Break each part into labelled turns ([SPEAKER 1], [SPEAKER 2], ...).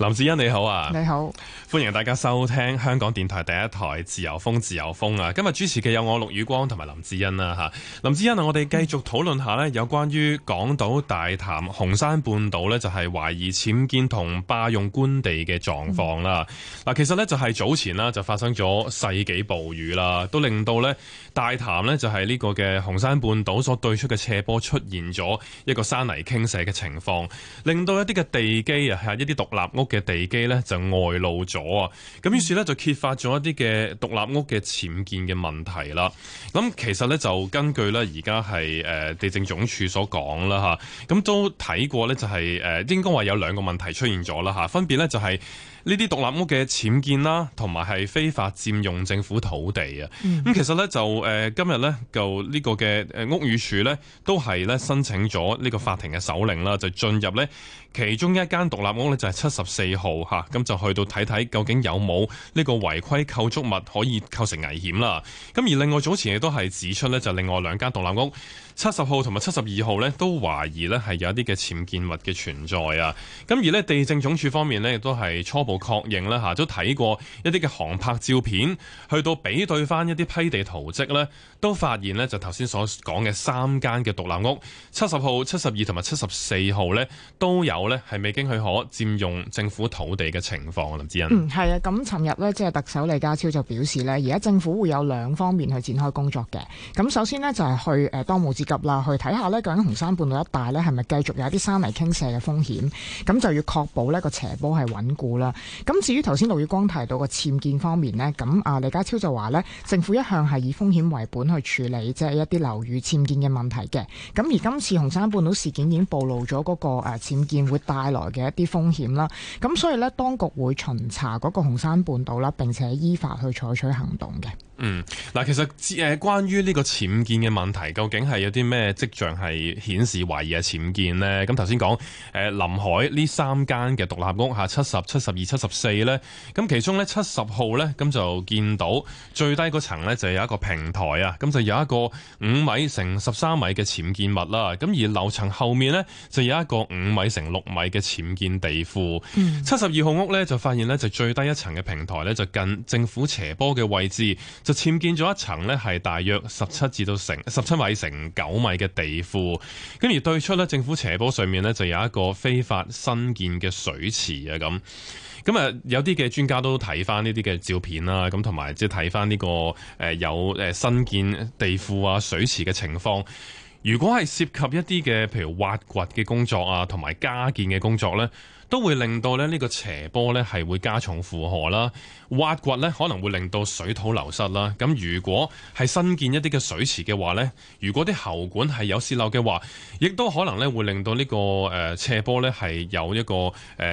[SPEAKER 1] 林志恩你好啊，你好，歡迎大家收聽香港電台第一台自由風自由風啊今日主持嘅有我陸宇光同埋林志恩啦，吓，林志恩啊，我哋繼續討論下咧，有關於港島大潭紅山半島咧就係懷疑僭建同霸用官地嘅狀況啦。嗱、嗯，其實咧就係早前啦，就發生咗世紀暴雨啦，都令到咧大潭咧就係呢個嘅紅山半島所對出嘅斜坡出現咗一個山泥傾瀉嘅情況，令到一啲嘅地基啊，係一啲獨立屋。嘅地基咧就外露咗啊，咁於是咧就揭發咗一啲嘅獨立屋嘅僭建嘅問題啦。咁其實咧就根據咧而家係誒地政總署所講啦吓，咁都睇過咧就係誒應該話有兩個問題出現咗啦吓，分別咧就係呢啲獨立屋嘅僭建啦，同埋係非法佔用政府土地啊。咁、嗯、其實咧就誒今日咧就呢個嘅誒屋宇署咧都係咧申請咗呢個法庭嘅手令啦，就進入咧。其中一間獨立屋咧就係七十四號吓，咁就去到睇睇究竟有冇呢個違規構築物可以構成危險啦。咁而另外早前亦都係指出咧，就另外兩間獨立屋七十號同埋七十二號咧，都懷疑咧係有一啲嘅僭建物嘅存在啊。咁而咧地政總署方面咧亦都係初步確認咧吓，都睇過一啲嘅航拍照片，去到比對翻一啲批地圖迹咧，都發現咧就頭先所講嘅三間嘅獨立屋七十號、七十二同埋七十四號咧都有。好係未經許可佔用政府土地嘅情況，林志恩。嗯，
[SPEAKER 2] 係啊。咁尋日呢，即係特首李家超就表示呢，而家政府會有兩方面去展開工作嘅。咁首先呢，就係去誒當務之急啦，去睇下呢究竟紅山半島一帶呢係咪繼續有一啲山泥傾瀉嘅風險，咁就要確保呢個斜坡係穩固啦。咁至於頭先陸月光提到個僭建方面呢，咁啊李家超就話呢，政府一向係以風險為本去處理即係一啲樓宇僭建嘅問題嘅。咁而今次紅山半島事件已經暴露咗嗰個僭建。會帶來嘅一啲風險啦，咁所以咧，當局會巡查嗰個紅山半島啦，並且依法去採取行動嘅。嗯，
[SPEAKER 1] 嗱，其實誒，關於呢個僭建嘅問題，究竟係有啲咩跡象係顯示懷疑係僭建呢，咁頭先講誒，臨海呢三間嘅獨立屋，嚇七十、七十二、七十四咧，咁其中咧七十號咧，咁就見到最低嗰層咧就有一個平台啊，咁就有一個五米乘十三米嘅僭建物啦，咁而樓層後面咧就有一個五米乘六米嘅僭建地庫，七十二號屋咧就發現咧就最低一層嘅平台咧就近政府斜坡嘅位置，就僭建咗一層咧係大約十七至到成十七米乘九米嘅地庫，跟而對出咧政府斜坡上面咧就有一個非法新建嘅水池啊咁，咁啊有啲嘅專家都睇翻呢啲嘅照片啦，咁同埋即係睇翻呢個誒有誒新建地庫啊水池嘅情況。如果係涉及一啲嘅，譬如挖掘嘅工作啊，同埋加建嘅工作咧，都會令到咧呢個斜坡咧係會加重負荷啦，挖掘咧可能會令到水土流失啦。咁如果係新建一啲嘅水池嘅話咧，如果啲喉管係有泄漏嘅話，亦都可能咧會令到呢個誒斜坡咧係有一個誒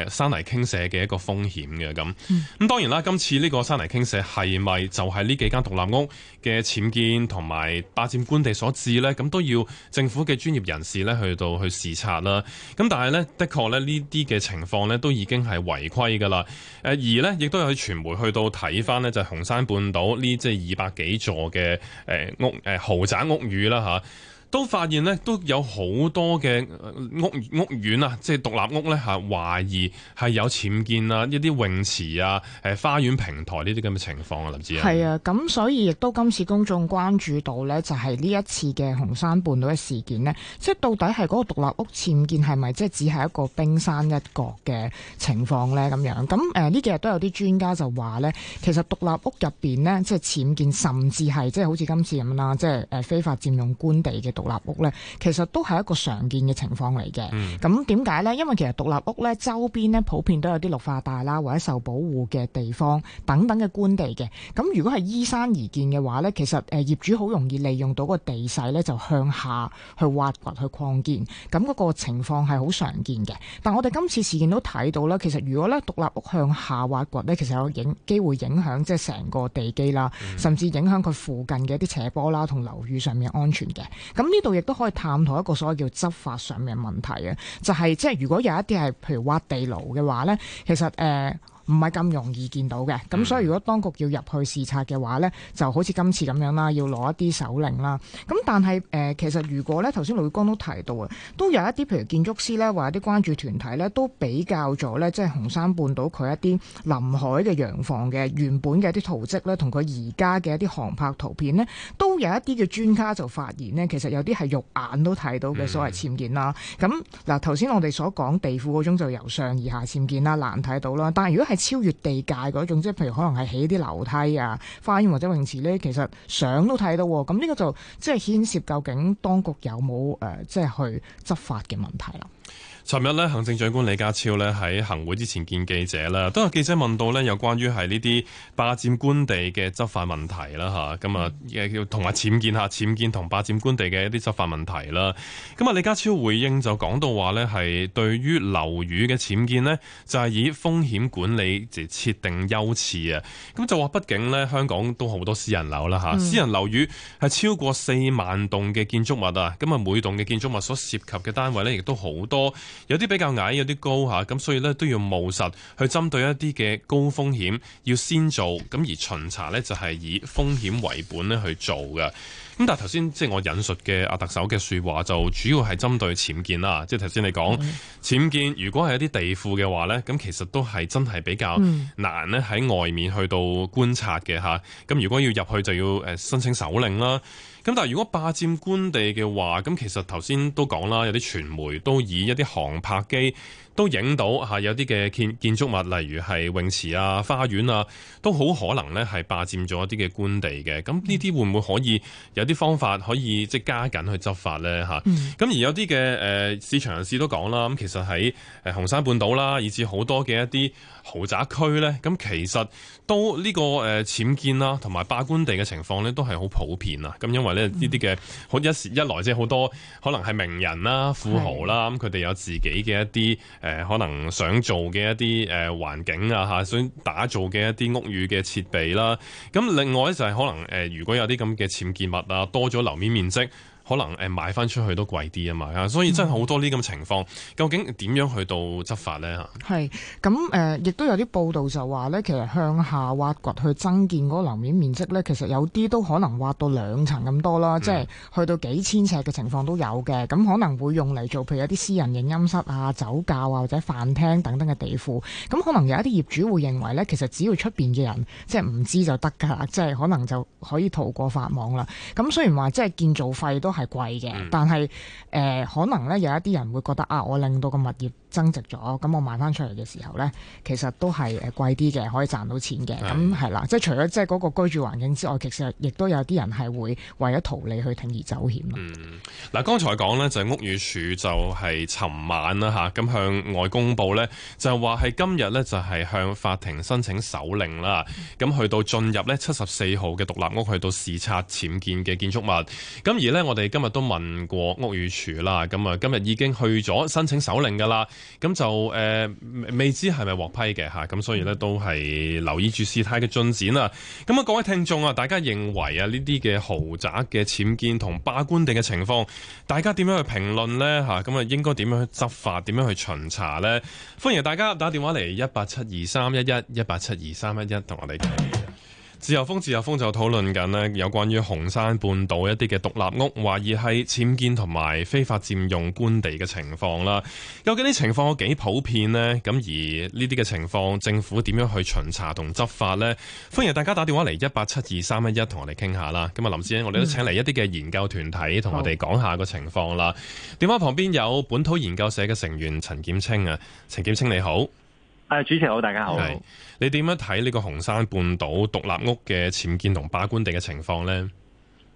[SPEAKER 1] 山泥傾瀉嘅一個風險嘅咁。咁當然啦，今次呢個山泥傾瀉係咪就係呢幾間獨立屋嘅僭建同埋霸佔官地所致咧？咁都要政府嘅專業人士咧去到去視察啦。咁但係咧，的確咧呢啲嘅情況況咧都已經係違規噶啦，誒而呢亦都有去傳媒去到睇翻呢，就紅、是、山半島呢，即係二百幾座嘅誒、呃、屋誒、呃、豪宅屋宇啦嚇。都發現呢都有好多嘅屋屋苑啊，即係獨立屋咧係懷疑係有僭建啊，一啲泳池啊、誒花園平台呢啲咁嘅情況啊，林志啊。係啊，
[SPEAKER 2] 咁所以亦都今次公眾關注到咧，就係、是、呢一次嘅紅山半島嘅事件呢，即係到底係嗰個獨立屋僭建係咪即係只係一個冰山一角嘅情況咧？咁樣咁誒呢幾日都有啲專家就話咧，其實獨立屋入邊呢，即係僭建甚至係即係好似今次咁啦，即、就、係、是、非法佔用官地嘅。獨立屋咧，其實都係一個常見嘅情況嚟嘅。咁點解呢？因為其實獨立屋咧周邊咧普遍都有啲綠化帶啦，或者受保護嘅地方等等嘅官地嘅。咁如果係依山而建嘅話咧，其實誒業主好容易利用到個地勢咧，就向下去挖掘去擴建。咁、那、嗰個情況係好常見嘅。但我哋今次事件都睇到啦，其實如果咧獨立屋向下挖掘咧，其實有影機會影響即係成個地基啦，甚至影響佢附近嘅一啲斜坡啦同樓宇上面安全嘅。咁咁呢度亦都可以探討一個所謂叫執法上面嘅問題啊，就係即係如果有一啲係譬如挖地牢嘅話咧，其實、呃唔係咁容易見到嘅，咁所以如果當局要入去視察嘅話呢，就好似今次咁樣啦，要攞一啲手令啦。咁但係誒，其實如果呢頭先盧月光都提到啊，都有一啲譬如建築師呢，或者啲關注團體呢，都比較咗呢，即係紅山半島佢一啲臨海嘅洋房嘅原本嘅一啲圖則呢，同佢而家嘅一啲航拍圖片呢，都有一啲嘅專家就發現呢，其實有啲係肉眼都睇到嘅的所謂僭建啦。咁嗱，頭先我哋所講地庫嗰種就由上而下僭建啦，難睇到啦。但係如果係超越地界嗰種，即係譬如可能係起啲樓梯啊、花園或者泳池咧，其實相都睇到，咁呢個就即係牽涉究竟當局有冇誒、呃、即係去執法嘅問題啦。
[SPEAKER 1] 尋日咧，行政長官李家超咧喺行會之前見記者啦，都有記者問到咧有關於係呢啲霸佔官地嘅執法問題啦。吓，咁啊，要同埋僭建下僭建同霸占官地嘅一啲執法問題啦。咁啊，李家超回應就講到話咧，係對於樓宇嘅僭建呢，就係、是、以風險管理嚟設定優次啊。咁就話，畢竟呢，香港都好多私人樓啦，吓、嗯、私人樓宇係超過四萬棟嘅建築物啊，咁啊每棟嘅建築物所涉及嘅單位咧，亦都好多。有啲比較矮，有啲高嚇，咁所以咧都要務實去針對一啲嘅高風險，要先做，咁而巡查咧就係以風險為本咧去做嘅。咁但係頭先即係我引述嘅阿特首嘅說話，就主要係針對僭建啦，即係頭先你講，嗯、僭建，如果係一啲地庫嘅話咧，咁其實都係真係比較難咧喺外面去到觀察嘅嚇。咁、嗯、如果要入去就要誒申請手令啦。咁但係如果霸佔官地嘅話，咁其實頭先都講啦，有啲傳媒都以一啲航拍機。都影到吓，有啲嘅建建築物，例如係泳池啊、花園啊，都好可能咧係霸佔咗一啲嘅官地嘅。咁呢啲會唔會可以有啲方法可以即係加緊去執法咧？吓、嗯，咁而有啲嘅誒市場人士都講啦，咁其實喺誒紅山半島啦，以至好多嘅一啲豪宅區咧，咁其實都呢、個誒僭、呃、建啦，同埋霸官地嘅情況咧，都係好普遍啊！咁因為咧呢啲嘅好一時一來就是很，即係好多可能係名人啦、啊、富豪啦，咁佢哋有自己嘅一啲。誒可能想做嘅一啲誒、呃、環境啊嚇，想打造嘅一啲屋宇嘅設備啦、啊，咁另外咧就係可能、呃、如果有啲噉嘅僭建物啊，多咗樓面面積。可能誒買翻出去都貴啲啊嘛，所以真係好多呢咁情況，究竟點樣去到執法呢？
[SPEAKER 2] 係咁、呃、亦都有啲報道就話呢，其實向下挖掘去增建嗰個樓面面積呢，其實有啲都可能挖到兩層咁多啦，嗯、即係去到幾千尺嘅情況都有嘅。咁可能會用嚟做譬如一啲私人影音室啊、酒窖啊或者飯廳等等嘅地庫。咁可能有一啲業主會認為呢，其實只要出面嘅人即係唔知就得㗎啦，即係可，可能就可以逃過法網啦。咁雖然話即係建造費都。係貴嘅，但係誒、呃，可能咧有一啲人會覺得啊，我令到個物業增值咗，咁我賣翻出嚟嘅時候呢，其實都係誒貴啲嘅，可以賺到錢嘅。咁係啦，即係除咗即係嗰個居住環境之外，其實亦都有啲人係會為咗圖利去鋌而走險。嗱、
[SPEAKER 1] 嗯，剛才講呢，就係、是、屋宇署就係尋晚啦吓，咁向外公佈呢，就話話係今日呢，就係向法庭申請搜令啦。咁、嗯、去到進入呢，七十四號嘅獨立屋，去到視察僭建嘅建築物。咁而呢，我哋今日都問過屋宇署啦，咁啊今日已經去咗申請搜令噶啦。咁就誒、呃，未知係咪獲批嘅吓，咁所以呢都係留意住事態嘅進展啦。咁啊，各位聽眾啊，大家認為啊呢啲嘅豪宅嘅僭建同霸官地嘅情況，大家點樣去評論呢？吓？咁啊，應該點樣去執法？點樣去巡查呢？歡迎大家打電話嚟一八七二三一一一八七二三一一同我哋。自由風，自由風就討論緊呢有關於紅山半島一啲嘅獨立屋，懷疑係僭建同埋非法佔用官地嘅情況啦。究竟啲情況有幾普遍呢？咁而呢啲嘅情況，政府點樣去巡查同執法呢？歡迎大家打電話嚟一八七二三一一，同我哋傾下啦。咁啊，林志英我哋都請嚟一啲嘅研究團體，同我哋講下個情況啦。電話好旁邊有本土研究社嘅成員陳劍青。啊，陳劍青，你好。
[SPEAKER 3] 誒，主持好，大家好。係。
[SPEAKER 1] 你點樣睇呢個紅山半島獨立屋嘅僭建同霸官地嘅情況咧？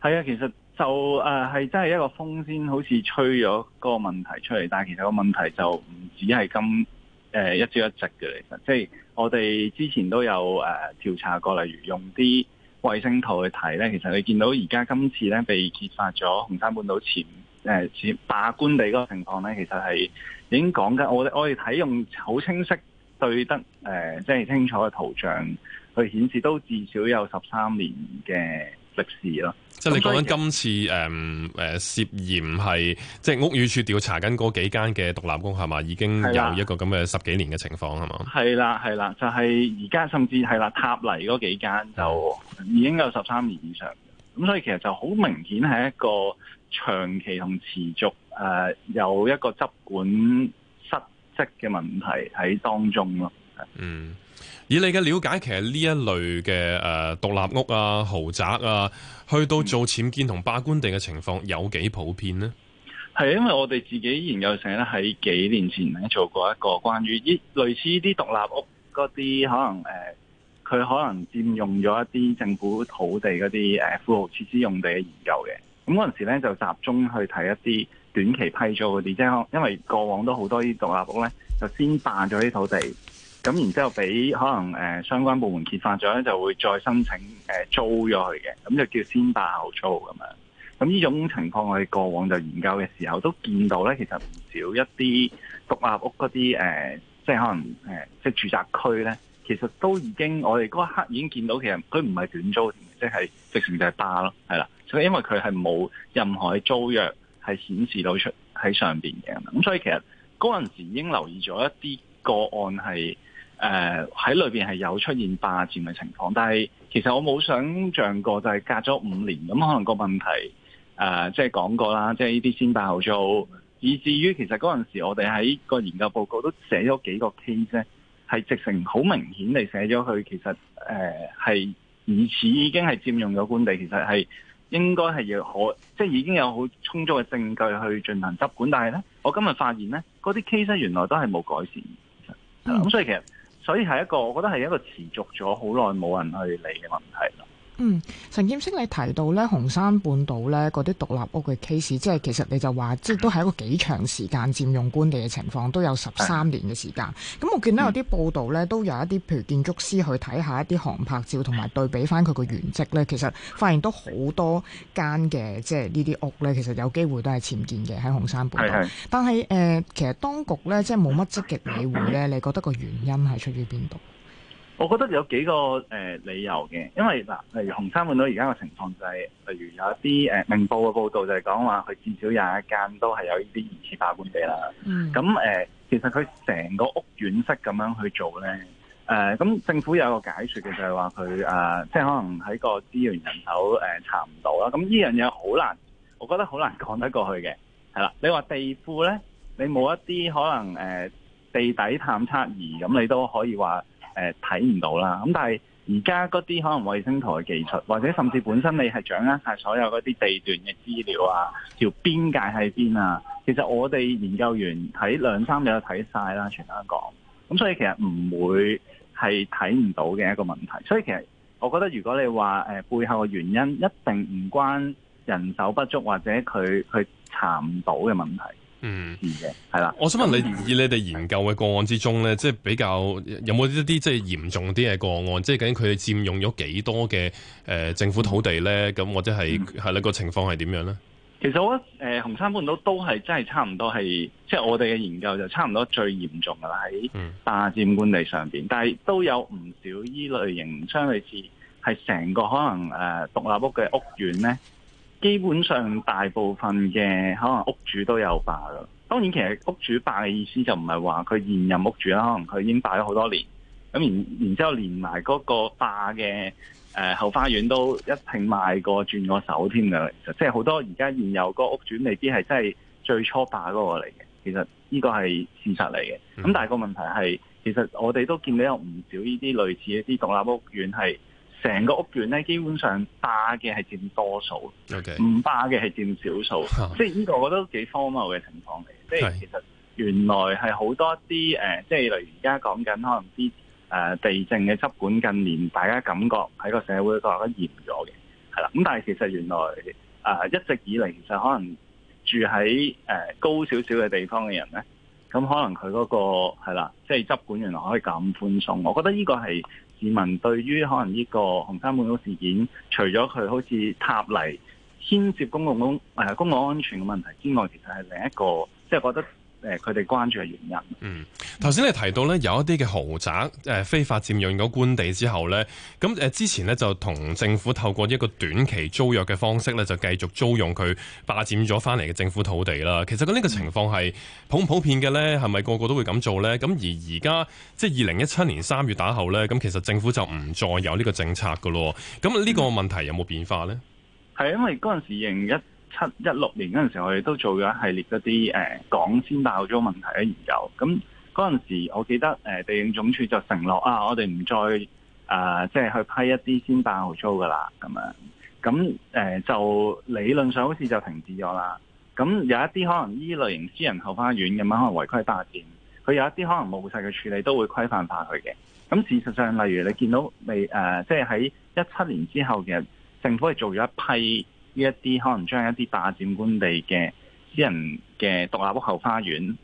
[SPEAKER 3] 係啊，其實就誒係真係一個風先，好似吹咗個問題出嚟，但係其實個問題就唔止係咁誒一朝一夕嘅。其實即係我哋之前都有誒調、呃、查過，例如用啲衛星圖去睇咧，其實你見到而家今次咧被揭發咗紅山半島僭誒僭霸官地嗰個情況咧，其實係已經講緊我我哋睇用好清晰。對得，誒，即、呃、係清楚嘅圖像去顯示，都至少有十三年嘅歷史咯、嗯以呃。即係你講緊今
[SPEAKER 1] 次誒誒涉嫌係即係屋宇署調查緊嗰幾間嘅獨立屋係嘛，已經有一個咁嘅十幾年嘅情況係嘛？
[SPEAKER 3] 係啦係啦，就係而家甚至係啦，塔麗嗰幾間就已經有十三年以上。咁所以其實就好明顯係一個長期同持續誒、呃、有一個執管。即嘅問題喺當中咯。嗯，
[SPEAKER 1] 以你嘅了解，其實呢一類嘅誒、呃、獨立屋啊、豪宅啊，去到做僭建同霸官地嘅情況有幾普遍呢？
[SPEAKER 3] 係因為我哋自己研究社咧喺幾年前咧做過一個關於呢類似呢啲獨立屋嗰啲可能誒，佢、呃、可能佔用咗一啲政府土地嗰啲誒富豪設施用地嘅研究嘅。咁嗰陣時咧就集中去睇一啲短期批租嗰啲，即係因為過往都好多啲獨立屋咧，就先霸咗啲土地，咁然之後俾可能誒、呃、相關部門揭發咗，就會再申請誒租咗佢嘅，咁就叫先霸後租咁樣，咁呢種情況我哋過往就研究嘅時候都見到咧，其實唔少一啲獨立屋嗰啲誒，即係可能誒、呃、即係住宅區咧，其實都已經我哋嗰一刻已經見到，其實佢唔係短租，即係直情就係霸咯，係啦，所以因為佢係冇任何租約。係顯示到出喺上面嘅，咁所以其實嗰陣時已經留意咗一啲個案係誒喺裏面係有出現霸佔嘅情況，但係其實我冇想象過就係隔咗五年咁，可能個問題誒，即係講過啦，即係呢啲先霸後租。以至於其實嗰陣時我哋喺個研究報告都寫咗幾個 case 咧，係直情好明顯地寫咗佢其實誒係以此已經係佔用咗官地，其實係。應該係要可，即係，已經有好充足嘅證據去進行執管，但係呢，我今日發現呢嗰啲 case 原來都係冇改善的，咁、嗯、所以其實，所以係一個，我覺得係一個持續咗好耐冇人去理嘅問題。
[SPEAKER 2] 嗯，陳劍青，你提到咧紅山半島咧嗰啲獨立屋嘅 case，即係其實你就話，即係都係一個幾長時間佔用官地嘅情況，都有十三年嘅時間。咁我見到有啲報道咧，都有一啲譬如建築師去睇下一啲航拍照，同埋對比翻佢個原跡咧，其實發現都好多間嘅，即係呢啲屋咧，其實有機會都係僭建嘅喺紅山半島。是的但係誒、呃，其實當局咧即係冇乜積極理會咧，你覺得個原因係出於邊度？
[SPEAKER 3] 我覺得有幾個誒、呃、理由嘅，因為嗱，例如紅山半島而家嘅情況就係、是，例如有一啲誒、呃、明報嘅報導就係講話，佢至少有一間都係有呢啲疑似霸官地啦。咁誒、嗯呃，其實佢成個屋苑式咁樣去做咧，誒、呃、咁政府有一個解説嘅就係話佢誒，即、呃、係、就是、可能喺個資源人手誒、呃、查唔到啦。咁呢樣嘢好難，我覺得好難講得過去嘅。係啦，你話地庫咧，你冇一啲可能誒地底探測儀咁，那你都可以話。誒睇唔到啦，咁但係而家嗰啲可能衛星台嘅技術，或者甚至本身你係掌握晒所有嗰啲地段嘅資料啊，條邊界喺邊啊？其實我哋研究員睇兩三日就睇晒啦，全香港，咁所以其實唔會係睇唔到嘅一個問題。所以其實我覺得如果你話、呃、背後嘅原因一定唔關人手不足或者佢佢查唔到嘅問題。
[SPEAKER 1] 嗯，係啦。是的我想問你，的以你哋研究嘅個案之中咧，即係比較有冇一啲即係嚴重啲嘅個案？即係究竟佢哋佔用咗幾多嘅誒政府土地咧？咁或者係係咧個情況係點樣咧？
[SPEAKER 3] 其實我覺得誒紅山半島都係真係差唔多係，即係我哋嘅研究就差唔多最嚴重嘅啦，喺霸佔官地上邊。但係都有唔少依類型，相類似係成個可能誒獨立屋嘅屋苑咧。基本上大部分嘅可能屋主都有霸啦。當然其實屋主霸嘅意思就唔係話佢現任屋主啦，可能佢已經霸咗好多年。咁然然之後，連埋嗰個霸嘅誒後花園都一併賣過轉過手添㗎。其實即係好多而家現有個屋主未必係真係最初霸嗰個嚟嘅。其實呢個係事實嚟嘅。咁但係個問題係，其實我哋都見到有唔少呢啲類似一啲獨立屋苑係。成個屋苑咧，基本上霸嘅係佔多數，唔霸嘅係佔少數， 即係呢個我覺得都幾荒謬嘅情況嚟。 即係其實原來係好多啲、呃、即係例如而家講緊可能啲、呃、地政嘅執管，近年大家感覺喺個社會度覺得嚴咗嘅，係啦。咁但係其實原來、呃、一直以嚟其實可能住喺、呃、高少少嘅地方嘅人咧，咁可能佢嗰、嗰個係啦，即係執管原來可以咁寬鬆。我覺得呢個係。市民對於可能呢個紅山半島事件，除咗佢好似塌泥牽涉公共公誒公共安全嘅問題之外，其實係另一個，即係覺得。誒，佢哋關注嘅原因。
[SPEAKER 1] 嗯，頭先你提到咧，有一啲嘅豪宅誒非法佔用咗官地之後咧，咁誒之前咧就同政府透過一個短期租約嘅方式咧，就繼續租用佢霸佔咗返嚟嘅政府土地啦。其實咁呢個情況係普唔普遍嘅咧？係咪個個都會咁做咧？咁而而家即係二零一七年三月打後咧，咁其實政府就唔再有呢個政策㗎咯。咁呢個問題有冇
[SPEAKER 3] 變化咧？係因為嗰陣時仍一。七一六年嗰陣時，我哋都做咗一系列嗰啲誒港先爆租問題嘅研究。咁嗰陣時，我記得誒地政總署就承諾啊，我哋唔再啊，即係去批一啲先爆租㗎喇。咁樣咁誒，就理論上好似就停止咗啦。咁有一啲可能呢類型私人後花園咁樣可能違規發展，佢有一啲可能冇曬嘅處理都會規範化佢嘅。咁事實上，例如你見到未誒，即係喺一七年之後嘅政府係做咗一批。呢一啲可能將一啲霸佔官地嘅私人嘅獨立屋後花園，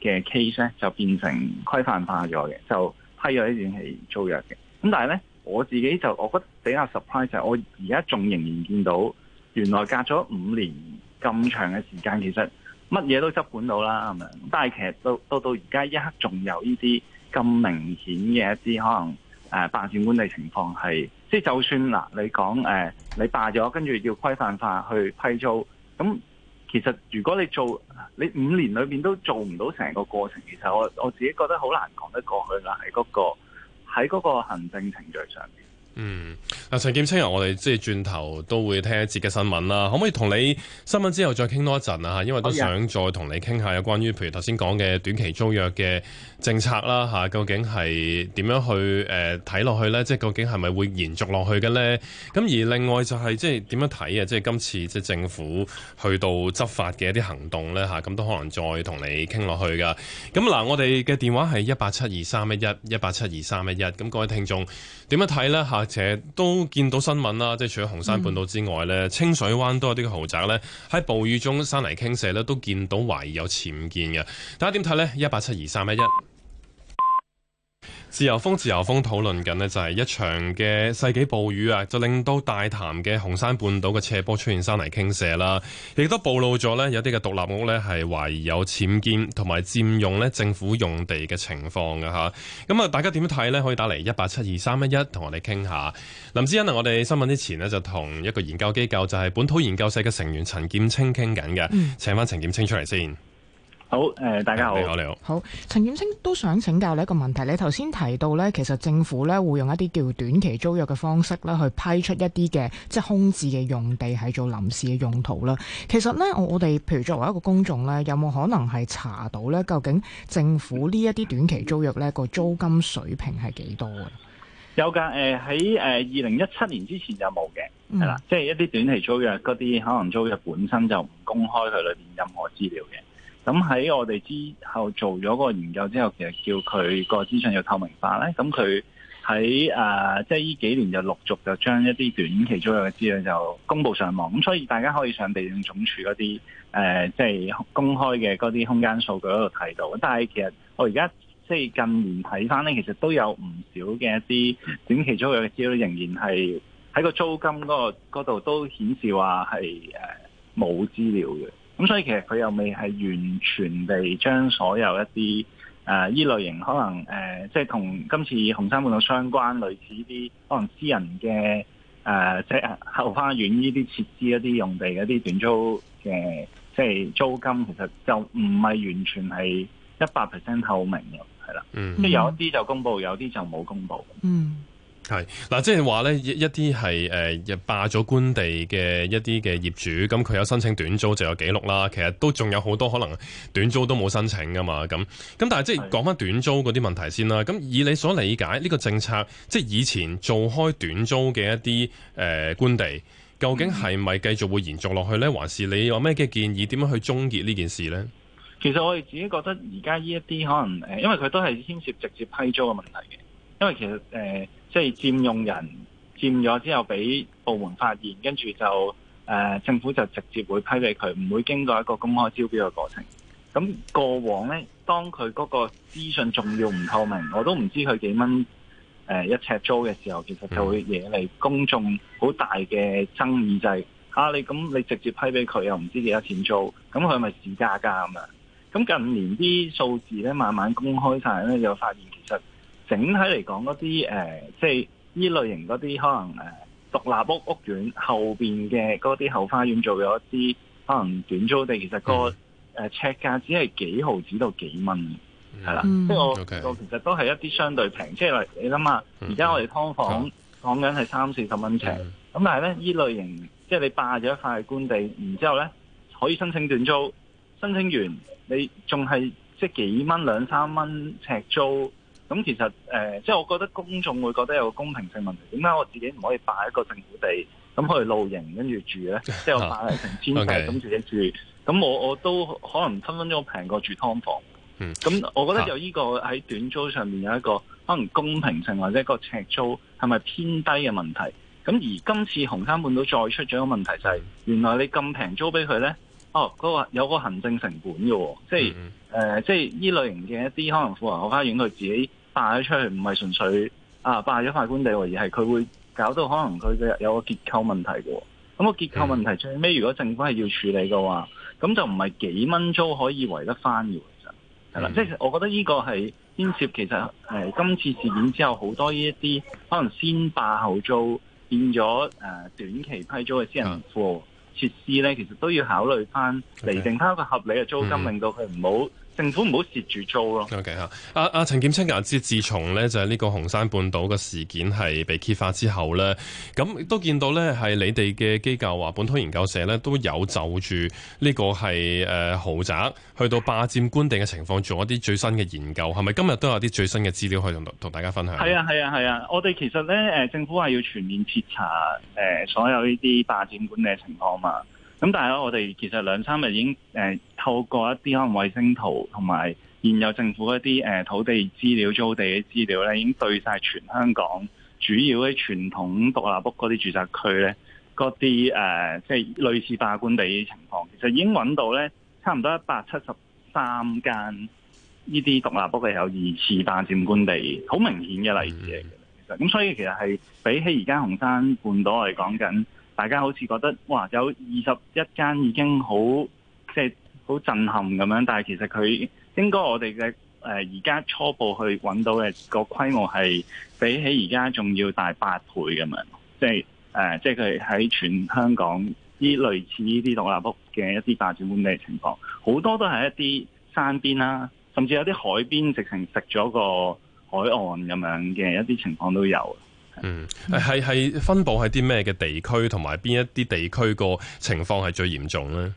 [SPEAKER 3] 嘅 case 咧就變成規範化咗嘅，就批咗呢段期租約嘅。咁但係咧，我自己就我覺得比較 surprise 就係我而家仲仍然見到，原來隔咗五年咁長嘅時間，其實乜嘢都執管到啦，咁樣。但係其實到到到而家一刻，仲有呢啲咁明顯嘅一啲可能。誒、啊、辦事管理情況，係即係就算嗱，你講誒、啊、你霸咗，跟住要規範化去批租，咁其實如果你做你五年裏邊都做唔到成個過程，其實我我自己覺得好難講得過去啦，喺嗰、那個喺嗰個行政程序上。
[SPEAKER 1] 嗯，嗱、啊，陳劍青，我哋即係轉頭都會聽一節嘅新聞啦，可唔可以同你新聞之後再傾多一陣啊？吓，因為都想再同你傾下有關於，譬如頭先講嘅短期租約嘅政策啦，吓、啊，究竟係點樣去誒睇落去呢？即係究竟係咪會延續落去嘅呢？咁而另外就係即係點樣睇啊？即係今次即係政府去到執法嘅一啲行動呢？吓、啊，咁都可能再同你傾落去噶。咁嗱、啊，我哋嘅電話係一八七二三一一一八七二三一一，咁各位聽眾點樣睇呢？吓、啊？而且都見到新聞啦，即係除咗紅山半島之外咧，清水灣都有啲豪宅咧，喺暴雨中山泥傾瀉咧，都見到懷疑有僭建嘅。大家點睇咧？一八七二三一一。自由風，自由風討論緊呢就係一場嘅世紀暴雨啊，就令到大潭嘅紅山半島嘅斜坡出現山泥傾瀉啦，亦都暴露咗呢，有啲嘅獨立屋呢係懷疑有僭建同埋佔用呢政府用地嘅情況㗎。吓，咁啊，大家點睇呢？可以打嚟一八七二三一一同我哋傾下。林志欣啊，我哋新聞之前呢，就同一個研究機構就係、是、本土研究社嘅成員陳劍青傾緊嘅，請返陳劍青出嚟先。好誒、呃，大家好，你好，你好。
[SPEAKER 2] 好，陳劍青都想請教你一個問題。你頭先提到咧，其實政府咧會用一啲叫短期租約嘅方式咧，去批出一啲嘅即係空置嘅用地，係做臨時嘅用途啦。其實咧，我我哋譬如作為一個公眾咧，有冇可能係查到咧，究竟政府呢一啲短期租約咧個租金水平係幾多嘅？
[SPEAKER 3] 有噶，誒喺誒二零一七年之前就冇嘅，係啦、嗯，即係一啲短期租約嗰啲，可能租約本身就唔公開佢裏邊任何資料嘅。咁喺我哋之後做咗個研究之後，其實叫佢個資訊要透明化咧。咁佢喺誒，即係呢幾年就陸續就將一啲短期租約嘅資料就公佈上網。咁所以大家可以上地政總署嗰啲誒，即係公開嘅嗰啲空間數據嗰度睇到。但係其實我而家即係近年睇翻咧，其實都有唔少嘅一啲短期租約嘅資料，仍然係喺個租金嗰個嗰度都顯示話係冇資料嘅。咁所以其實佢又未係完全地將所有一啲誒呢類型可能誒、呃，即係同今次紅山半島相關類似啲可能私人嘅誒、呃，即係後花園呢啲設施一啲用地嗰啲短租嘅，即係租金其實就唔係完全係一百 percent 透明嘅。係啦，即係、mm. 有一啲就公佈，有啲就冇公佈。Mm.
[SPEAKER 1] 係嗱，即係話咧，一啲係誒，霸咗官地嘅一啲嘅業主，咁佢有申請短租就有記錄啦。其實都仲有好多可能短租都冇申請噶嘛。咁咁，但係即係講翻短租嗰啲問題先啦。咁以你所理解呢個政策，即係以前做開短租嘅一啲誒官地，究竟係咪繼續會延續落去呢？還是你有咩嘅建議，點樣去終結呢件事呢？
[SPEAKER 3] 其實我哋自己覺得而家呢一啲可能誒，因為佢都係牽涉直接批租嘅問題嘅，因為其實誒。呃即係佔用人佔咗之後，俾部門發現，跟住就誒、呃、政府就直接會批俾佢，唔會經過一個公開招標嘅過程。咁過往呢，當佢嗰個資訊仲要唔透明，我都唔知佢幾蚊誒一尺租嘅時候，其實就會惹嚟公眾好大嘅爭議，就係、是、啊你咁你直接批俾佢又唔知幾多錢租，咁佢咪市價㗎咁樣？咁近年啲數字呢，慢慢公開晒呢就發現其實。整體嚟講，嗰啲即係依類型嗰啲，可能誒、呃、獨立屋屋苑後面嘅嗰啲後花園做咗一啲可能短租地，其實、嗰個誒、嗯呃、尺價只係幾毫子到幾蚊，係啦，即我 okay. 其實都係一啲相對平，即、就、係、是、你諗下，而家我哋劏房、嗯、講緊係三四十蚊尺，咁、嗯、但係咧依類型，即係你霸咗一塊官地，然後之後咧可以申請短租，申請完你仲係即係幾蚊兩三蚊尺租。咁其實誒、呃，即係我覺得公眾會覺得有個公平性問題，點解我自己唔可以霸一個政府地，咁去露營跟住住咧？即係我霸嚟成千尺咁自己住，咁 我我都可能分分鐘平過住劏房。
[SPEAKER 2] 咁、嗯、我覺得有呢
[SPEAKER 3] 個喺短租上面有一個、嗯、可能公平性或者個尺租係咪偏低嘅問題？咁而今次紅山半島再出咗一個問題、就係，就係、嗯、原來你咁平租俾佢呢，哦，嗰、嗰個有個行政成本嘅喎，即係誒、嗯呃，即係呢類型嘅一啲可能富華豪學花園佢自己。霸咗出去唔係純粹啊霸咗塊官地喎，而係佢會搞到可能佢嘅有個結構問題嘅、哦。咁、個結構問題最尾，如果政府係要處理嘅話，咁、嗯、就唔係幾蚊租可以圍得翻嘅。其實係啦，嗯、即係我覺得呢個係牽涉其實今、呃、次事件之後好多呢一啲可能先霸後租變咗誒、呃、短期批租嘅私人貨、嗯、設施咧，其實都要考慮翻嚟定翻一個合理嘅租金，嗯、令到佢唔好。政府唔好蝕住
[SPEAKER 1] 租咯。OK 嚇、啊，阿、啊、阿、啊、陳劍青啊，知，自從咧就係、是、呢個紅山半島嘅事件係被揭發之後咧，咁都見到咧係你哋嘅機構或、啊、本土研究社咧都有就住呢個係誒、呃、豪宅去到霸佔官地嘅情況做一啲最新嘅研究，係咪今日都有啲最新嘅資料去同同大家分享？係啊
[SPEAKER 3] 係啊係啊！我哋其實咧誒政府係要全面徹查誒、呃、所有呢啲霸佔官地嘅情況嘛、啊。咁但係咧，我哋其實兩三日已經誒，透過一啲可能衛星圖同埋現有政府一啲誒土地資料、租地嘅資料咧，已經對晒全香港主要嘅傳統獨立屋嗰啲住宅區咧，嗰啲誒即係類似霸官地嘅情況，其實已經揾到咧，差唔多一百七十三間呢啲獨立屋係有二次霸佔官地，好明顯嘅例子嚟嘅。其實咁、嗯、所以其實係比起而家紅山半島，嚟講講緊。大家好似覺得哇，有二十一間已經好即係好震撼咁樣，但係其實佢應該我哋嘅誒而家初步去揾到嘅個規模係比起而家仲要大八倍咁樣，即係誒、呃，即係佢喺全香港呢類似呢啲獨立屋嘅一啲霸佔官地嘅情況，好多都係一啲山邊啦，甚至有啲海邊直情食咗個海岸咁樣嘅一啲情況都有。
[SPEAKER 1] 嗯，係係分佈喺啲咩嘅地區，同埋邊一啲地區個情況係最嚴重咧？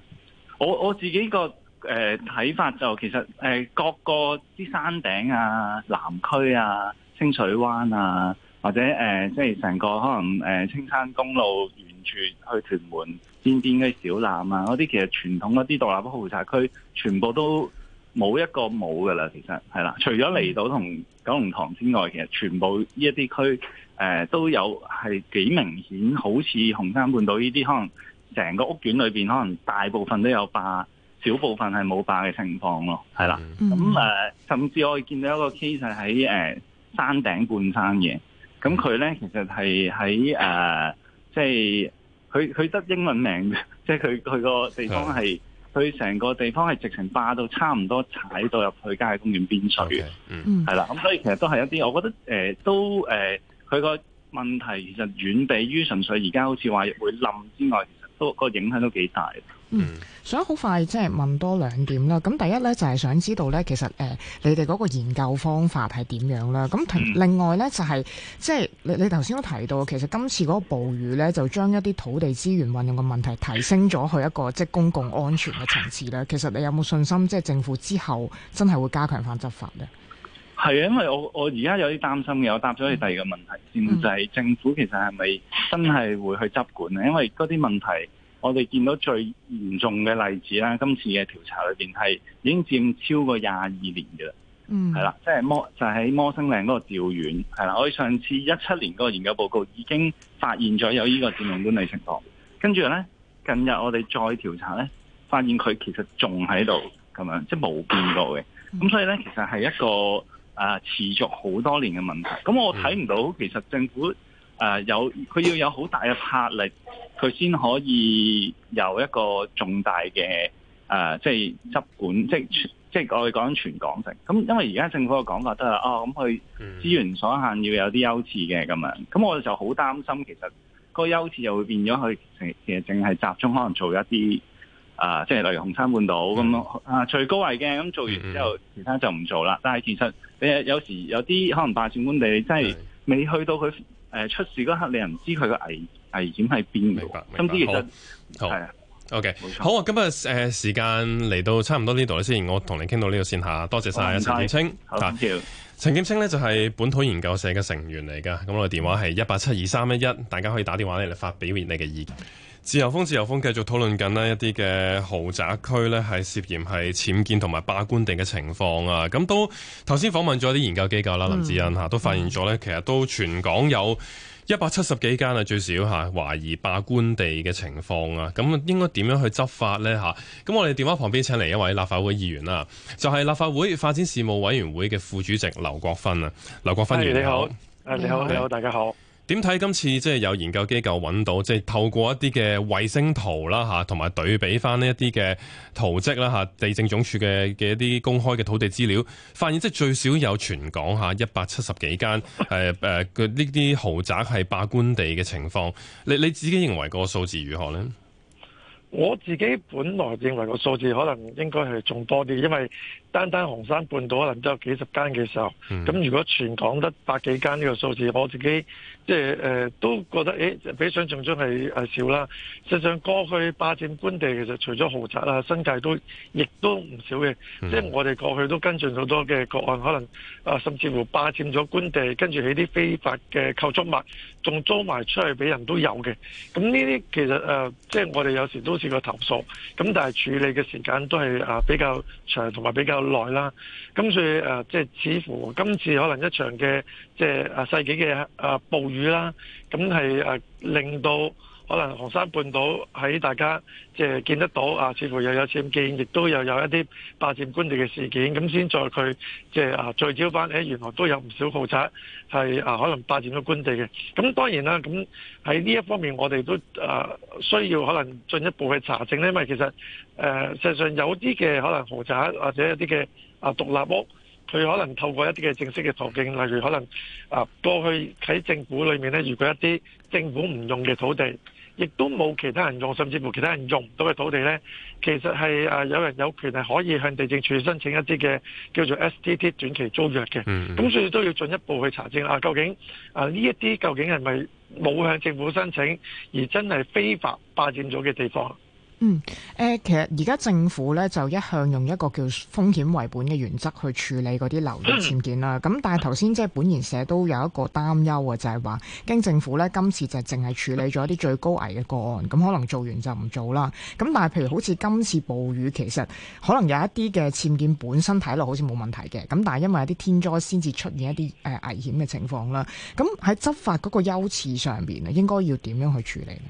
[SPEAKER 3] 我我自己個誒睇法就，其實誒、呃、各個啲山頂啊、南區啊、清水灣啊，或者誒、呃、即係成個可能誒青、呃、山公路沿住去屯門、邊邊嘅小欖啊嗰啲，其實傳統嗰啲獨立豪宅區，全部都冇一個冇噶啦。其實係啦，除咗離島同九龍塘之外，其實全部呢一啲區。誒、呃、都有係幾明顯，好似紅山半島呢啲，可能成個屋苑裏面可能大部分都有霸，少部分係冇霸嘅情況咯，係啦。咁誒，甚至我見到一個 case 係喺誒山頂半山嘅，咁佢咧其實係喺誒，即係佢佢得英文名，即係佢佢個地方係，佢成個地方係直情霸到差唔多踩到入去郊野公園邊陲嘅，
[SPEAKER 2] 係、okay. mm hmm。
[SPEAKER 3] 啦。咁、嗯、所以其實都係一啲，我覺得誒、呃、都誒。呃佢個問題其實遠比於純粹而家好似話會冧之外，其實都個影響都幾大。嗯，
[SPEAKER 2] 所以好快即係問多兩點啦。咁第一呢，就係、是、想知道呢，其實誒、呃、你哋嗰個研究方法係點樣啦？咁另外呢，就係、是、即係你你頭先都提到，其實今次嗰個暴雨呢，就將一啲土地資源運用嘅問題提升咗去一個即係公共安全嘅層次呢，其實你有冇信心即係政府之後真係會加強翻執法呢？
[SPEAKER 3] 係啊，因為我我而家有啲擔心嘅，我答咗你第二個問題先，嗯、就係政府其實係咪真係會去執管啊？嗯、因為嗰啲問題，我哋見到最嚴重嘅例子啦，今次嘅調查裏面係已經佔超過廿二年嘅啦，係啦、嗯，即係、就係、摩就喺、係、摩星嶺嗰個調院，係啦，我哋上次一七年嗰個研究報告已經發現咗有個呢個佔用管理情況，跟住咧近日我哋再調查咧，發現佢其實仲喺度咁樣，即係冇變過嘅，咁所以咧其實係一個。啊、呃，持續好多年嘅問題，咁我睇唔到其實政府啊、呃、有佢要有好大嘅魄力，佢先可以有一個重大嘅啊、呃，即係執管，即即係我哋講全港性。咁因為而家政府嘅講法都係啊，咁、哦、佢資源所限要有啲優次嘅咁樣，咁我就好擔心其實個優次就會變咗佢其實淨係集中可能做一啲、呃、啊，即係例如紅山半島咁啊，最高位嘅咁做完之後，其他就唔做啦。嗯嗯但係其實誒有時有啲可能霸佔官地，真係未去到佢誒出事嗰刻，你又唔知佢個危危險係邊㗎？甚至其實係啊。
[SPEAKER 1] OK，好啊。今日誒時間嚟到差唔多呢度啦，我跟先我同你傾到呢度先下，多謝晒。啊、哦，謝謝陳劍青嚇。好陳劍青呢就係本土研究社嘅成員嚟㗎，咁我的電話係一八七二三一一，大家可以打電話咧嚟發表你嘅意見。自由風，自由風，繼續討論緊呢一啲嘅豪宅區呢係涉嫌係僭建同埋霸官地嘅情況啊！咁都頭先訪問咗啲研究機構啦，嗯、林志恩吓都發現咗呢其實都全港有一百七十幾間啊，最少吓懷疑霸官地嘅情況啊！咁應該點樣去執法呢？吓，咁我哋電話旁邊請嚟一位立法會議員啦，就係、是、立法會發展事務委員會嘅副主席劉國勳啊，劉國勳，你好，誒你好，嗯、你好，大家好。點睇今次即係有研究機構揾到，即係透過一啲嘅衛星圖啦吓，同埋對比翻呢一啲嘅圖跡啦吓，地政總署嘅嘅一啲公開嘅土地資料，發現即係最少有全港吓一百七十幾間誒誒，呢啲豪宅係霸官地嘅情況。你你自己認為個數字如何咧？
[SPEAKER 4] 我自己本來認為個數字可能應該係仲多啲，因為。單單紅山半島可能都有幾十間嘅時候，咁如果全港得百幾間呢個數字，我自己即係誒都覺得誒比想象中係少啦。實際上過去霸佔官地，其實除咗豪宅啦、啊、新界都亦都唔少嘅，嗯、即係我哋過去都跟進好多嘅個案，可能啊甚至乎霸佔咗官地，跟住起啲非法嘅構築物，仲租埋出去俾人都有嘅。咁呢啲其實誒、呃、即係我哋有時都試過投訴，咁但係處理嘅時間都係啊比較長同埋比較。來啦，咁所以誒，即係似乎今次可能一場嘅即係啊世紀嘅啊暴雨啦，咁係誒令到。可能紅山半島喺大家即係見得到啊，似乎又有僭建，亦都有有一啲霸佔官地嘅事件，咁先再佢即係啊聚焦翻，誒原來都有唔少豪宅係啊可能霸佔咗官地嘅。咁當然啦，咁喺呢一方面，我哋都啊需要可能進一步去查證咧，因為其實誒實際上有啲嘅可能豪宅或者一啲嘅啊獨立屋，佢可能透過一啲嘅正式嘅途徑，例如可能啊過去喺政府裏面咧，如果一啲政府唔用嘅土地。亦都冇其他人用，甚至乎其他人用唔到嘅土地呢，其實係誒有人有權係可以向地政署申請一啲嘅叫做 STT 短期租約嘅，咁、mm hmm. 所以都要進一步去查證啦、啊。究竟啊呢一啲究竟係咪冇向政府申請，而真係非法霸占咗嘅地方？
[SPEAKER 2] 嗯，誒、呃，其實而家政府咧就一向用一個叫風險為本嘅原則去處理嗰啲流動僭建啦。咁、嗯、但係頭先即係本研社都有一個擔憂啊，就係話經政府咧今次就淨係處理咗一啲最高危嘅個案，咁可能做完就唔做啦。咁但係譬如好似今次暴雨，其實可能有一啲嘅僭建本身睇落好似冇問題嘅，咁但係因為一啲天災先至出現一啲誒、呃、危險嘅情況啦。咁喺執法嗰個優次上邊啊，應該要點樣去處理呢？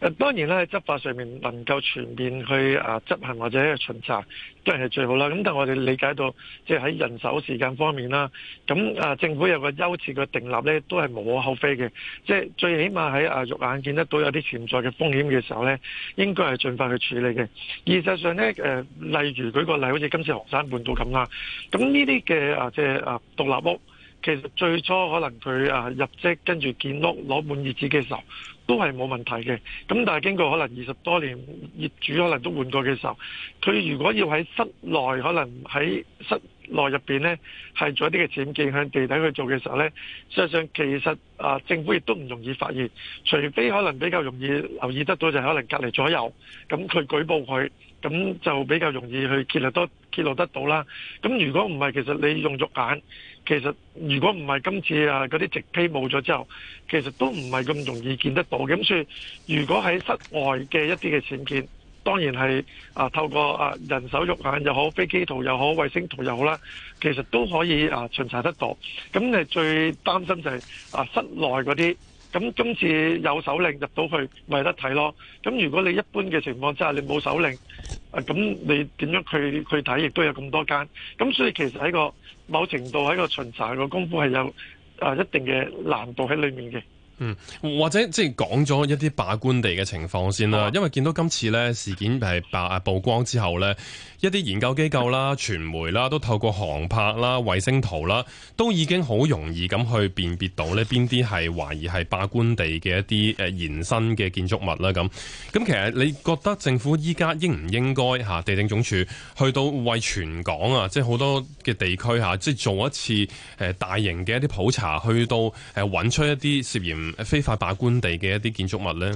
[SPEAKER 4] 誒當然啦，喺執法上面能夠全面去啊執行或者巡查，當然係最好啦。咁但係我哋理解到，即係喺人手時間方面啦，咁啊政府有個優先嘅定立呢，都係無可厚非嘅。即係最起碼喺啊肉眼見得到有啲潛在嘅風險嘅時候呢，應該係盡快去處理嘅。事實上呢，誒例如舉個例，好似今次紅山半島咁啦，咁呢啲嘅啊即係啊獨立屋。其實最初可能佢啊入職跟住建屋攞滿意紙嘅時候都係冇問題嘅。咁但係經過可能二十多年，業主可能都換過嘅時候，佢如果要喺室內可能喺室內入面呢，係做一啲嘅僭建向地底去做嘅時候呢，實際上其實啊政府亦都唔容易發現，除非可能比較容易留意得到就係可能隔離左右咁，佢舉報佢，咁就比較容易去揭露揭露得到啦。咁如果唔係，其實你用肉眼。其實如果唔係今次啊嗰啲直批冇咗之後，其實都唔係咁容易見得到嘅。咁所以如果喺室外嘅一啲嘅僭建，當然係啊透過啊人手肉眼又好、飛機圖又好、衛星圖又好啦，其實都可以啊巡查得到。咁你最擔心就係啊室內嗰啲。咁今次有手令入到去咪得睇咯。咁如果你一般嘅情況之下，你冇手令，咁你點樣去去睇，亦都有咁多間。咁所以其實喺個某程度喺個巡查個功夫係有誒一定嘅難度喺裏面嘅。
[SPEAKER 1] 嗯，或者即係講咗一啲霸官地嘅情況先啦，因為見到今次咧事件係曝曝光之後咧，一啲研究機構啦、傳媒啦，都透過航拍啦、衛星圖啦，都已經好容易咁去辨別到咧邊啲係懷疑係霸官地嘅一啲誒延伸嘅建築物啦。咁，咁其實你覺得政府依家應唔應該吓、啊？地政總署去到為全港啊，即係好多嘅地區吓、啊，即係做一次誒、啊、大型嘅一啲普查，去到誒揾、啊、出一啲涉嫌。非法霸官地嘅一啲建築物咧，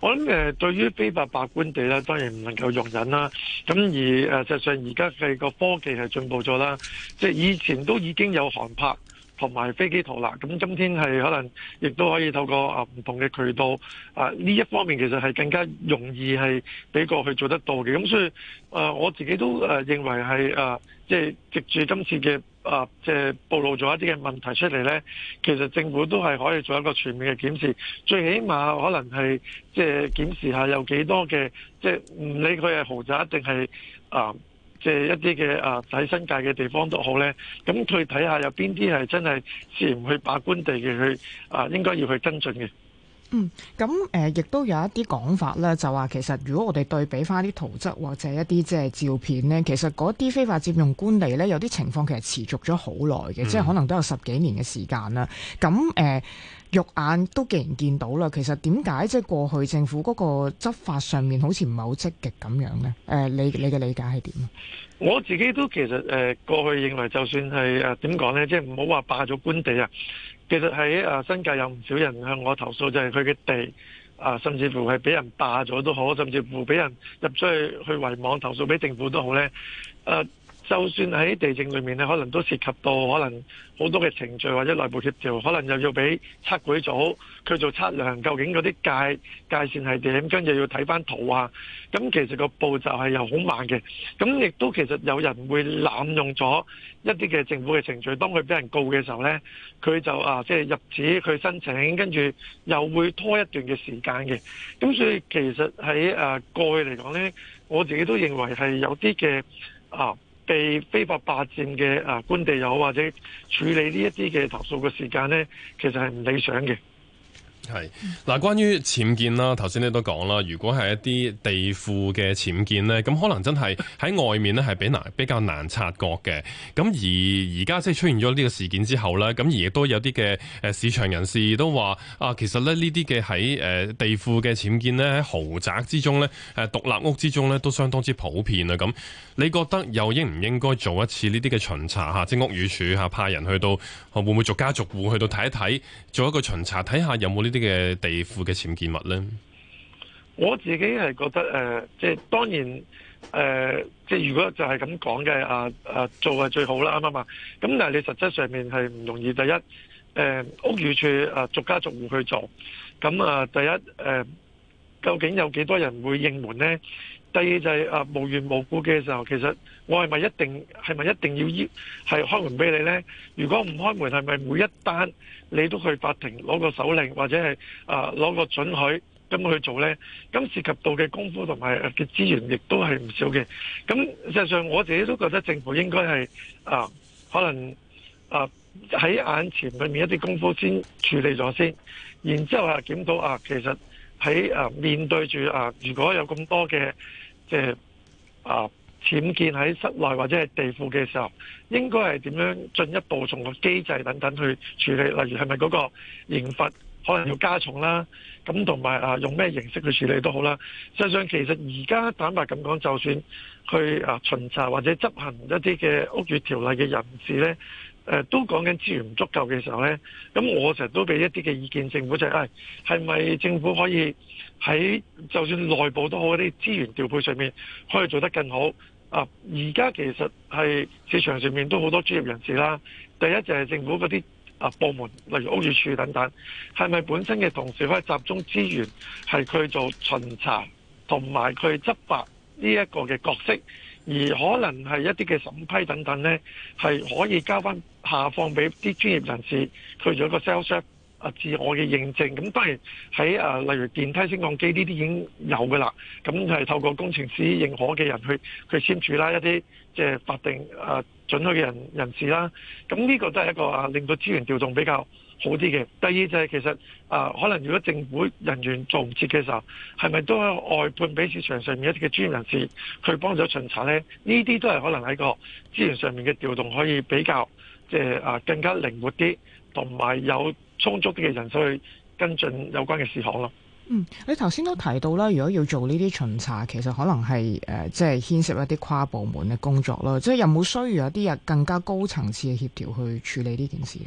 [SPEAKER 4] 我諗誒，對於非法霸官地咧，當然唔能夠容忍啦。咁而誒，實際上而家嘅個科技係進步咗啦，即係以前都已經有航拍。同埋飛機圖啦。咁今天係可能亦都可以透過啊，唔同嘅渠道啊，呢一方面其實係更加容易係比過去做得到嘅，咁所以啊我自己都誒認為係啊即係、就是、藉住今次嘅啊即係、就是、暴露咗一啲嘅問題出嚟咧，其實政府都係可以做一個全面嘅檢視，最起碼可能係即係檢視下有幾多嘅即係唔理佢係豪宅定係啊。即係一啲嘅啊，睇新界嘅地方都好咧，咁佢睇下有邊啲係真係自然去把官地嘅，去啊應該要去跟進嘅。
[SPEAKER 2] 嗯，咁亦、呃、都有一啲講法啦。就話其實如果我哋對比翻啲圖則或者一啲即係照片呢，其實嗰啲非法佔用官地呢，有啲情況其實持續咗好耐嘅，嗯、即係可能都有十幾年嘅時間啦。咁誒、呃，肉眼都既然見到啦，其實點解即係過去政府嗰個執法上面好似唔係好積極咁樣呢？誒、呃，你你嘅理解係點？
[SPEAKER 4] 我自己都其實誒、呃、過去認為，就算係誒點講呢？即係唔好話霸咗官地啊。其實喺誒新界有唔少人向我投訴，就係佢嘅地啊，甚至乎係俾人霸咗都好，甚至乎俾人入咗去去圍網投訴俾政府都好咧，誒。就算喺地政裏面咧，可能都涉及到可能好多嘅程序或者內部協調，可能又要俾測繪組去做測量，究竟嗰啲界界綫係點，跟住要睇翻圖啊。咁其實個步驟係又好慢嘅。咁亦都其實有人會濫用咗一啲嘅政府嘅程序，當佢俾人告嘅時候咧，佢就啊即係、就是、入紙去申請，跟住又會拖一段嘅時間嘅。咁所以其實喺誒過去嚟講咧，我自己都認為係有啲嘅啊，被非法霸佔嘅啊官地，又或者處理呢一啲嘅投訴嘅時間咧，其實係唔理想嘅。係嗱，關於
[SPEAKER 1] 僭建啦，頭先你都講啦，如果係一啲地庫嘅僭建呢，咁可能真係喺外面呢，係比難比較難察覺嘅。咁而而家即係出現咗呢個事件之後呢，咁而亦都有啲嘅誒市場人士都話啊，其實呢呢啲嘅喺誒地庫嘅僭建呢，喺豪宅之中呢，誒獨立屋之中呢，都相當之普遍啊。咁你覺得又應唔應該做一次呢啲嘅巡查吓？即屋宇署吓，派人去到會唔會逐家逐戶去到睇一睇，做一個巡查，睇下有冇呢嘅地庫嘅僭建物咧，
[SPEAKER 4] 我自己係覺得誒、呃，即當然、呃、即如果就係咁講嘅啊做係最好啦啱啊嘛，咁但係你實際上面係唔容易。第一、呃、屋宇署啊逐家逐戶去做，咁啊、呃、第一、呃、究竟有幾多人會應門咧？第二就係啊無緣無故嘅時候，其實我係咪一定係咪一定要依係開門俾你呢？如果唔開門，係咪每一單你都去法庭攞個手令或者係啊攞個准許咁去做呢？咁涉及到嘅功夫同埋嘅資源亦都係唔少嘅。咁實際上我自己都覺得政府應該係啊可能啊喺眼前裏面一啲功夫先處理咗先，然之後檢啊檢討啊其實喺啊面對住啊如果有咁多嘅。即係啊，僭建喺室內或者係地庫嘅時候，應該係點樣進一步從個機制等等去處理？例如係咪嗰個刑罰可能要加重啦？咁同埋啊，用咩形式去處理都好啦。實際上其實而家坦白咁講，就算去啊巡查或者執行一啲嘅屋宇條例嘅人士呢，誒都講緊資源唔足夠嘅時候呢，咁我成日都俾一啲嘅意見政府，就係係咪政府可以？喺就算內部都好，啲資源調配上面可以做得更好。啊，而家其實係市場上面都好多專業人士啦。第一就係政府嗰啲啊部門，例如屋宇署等等，係咪本身嘅同事可以集中資源，係佢做巡查同埋佢執法呢一個嘅角色，而可能係一啲嘅審批等等呢，係可以交翻下放俾啲專業人士去做一個 sale 啊！自我嘅認證咁，當然喺誒，例如電梯升降機呢啲已經有㗎啦。咁就係透過工程師認可嘅人去去簽署啦，一啲即係法定啊準許嘅人人士啦。咁呢個都係一個啊，令到資源調動比較好啲嘅。第二就係其實啊，可能如果政府人員做唔切嘅時候，係咪都係外判俾市場上面一啲嘅專業人士去幫手巡查咧？呢啲都係可能喺個資源上面嘅調動可以比較即係、就是、啊更加靈活啲，同埋有。充足嘅人手去跟進有關嘅事項咯。嗯，
[SPEAKER 2] 你頭先都提到啦，如果要做呢啲巡查，其實可能係誒、呃，即係牽涉一啲跨部門嘅工作咯。即係有冇需要有啲啊更加高層次嘅協調去處理呢件
[SPEAKER 4] 事？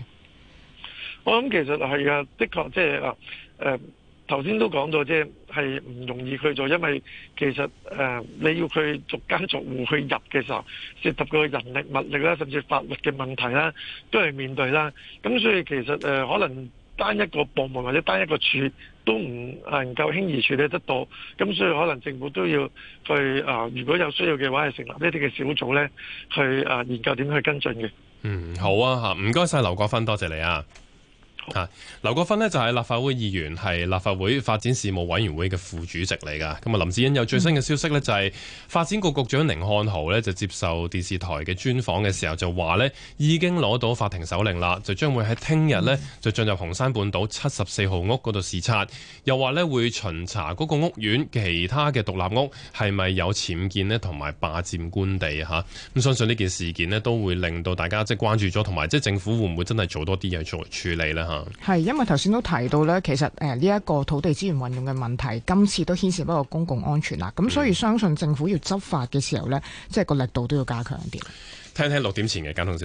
[SPEAKER 4] 我諗其實係啊，的確即係啊誒。呃頭先都講到，即係唔容易去做，因為其實、呃、你要去逐家逐戶去入嘅時候，涉及個人力物力啦，甚至法律嘅問題啦，都係面對啦。咁所以其實、呃、可能單一個部門或者單一個處都唔能、啊、夠輕易處理得到。咁所以可能政府都要去、呃、如果有需要嘅話，係成立呢啲嘅小組呢，去、啊、研究點去跟進嘅。嗯，
[SPEAKER 1] 好啊吓，唔該曬劉國勳，多謝你啊。啊，劉國勳咧就係立法會議員，係立法會發展事務委員會嘅副主席嚟噶。咁啊，林志欣有最新嘅消息咧、就是，就係發展局局長甯漢豪咧就接受電視台嘅專訪嘅時候就話咧，已經攞到法庭手令啦，就將會喺聽日咧就進入紅山半島七十四號屋嗰度視察，又話咧會巡查嗰個屋苑其他嘅獨立屋係咪有僭建咧，同埋霸佔官地吓。咁相信呢件事件咧都會令到大家即係關注咗，同埋即係政府會唔會真係做多啲嘢做處理呢？
[SPEAKER 2] 係，因為頭先都提到咧，其實誒呢一個土地資源運用嘅問題，今次都牽涉一個公共安全啦。咁所以相信政府要執法嘅時候咧，嗯、即係個力度都要加強啲。
[SPEAKER 1] 聽聽六點前嘅簡訊先。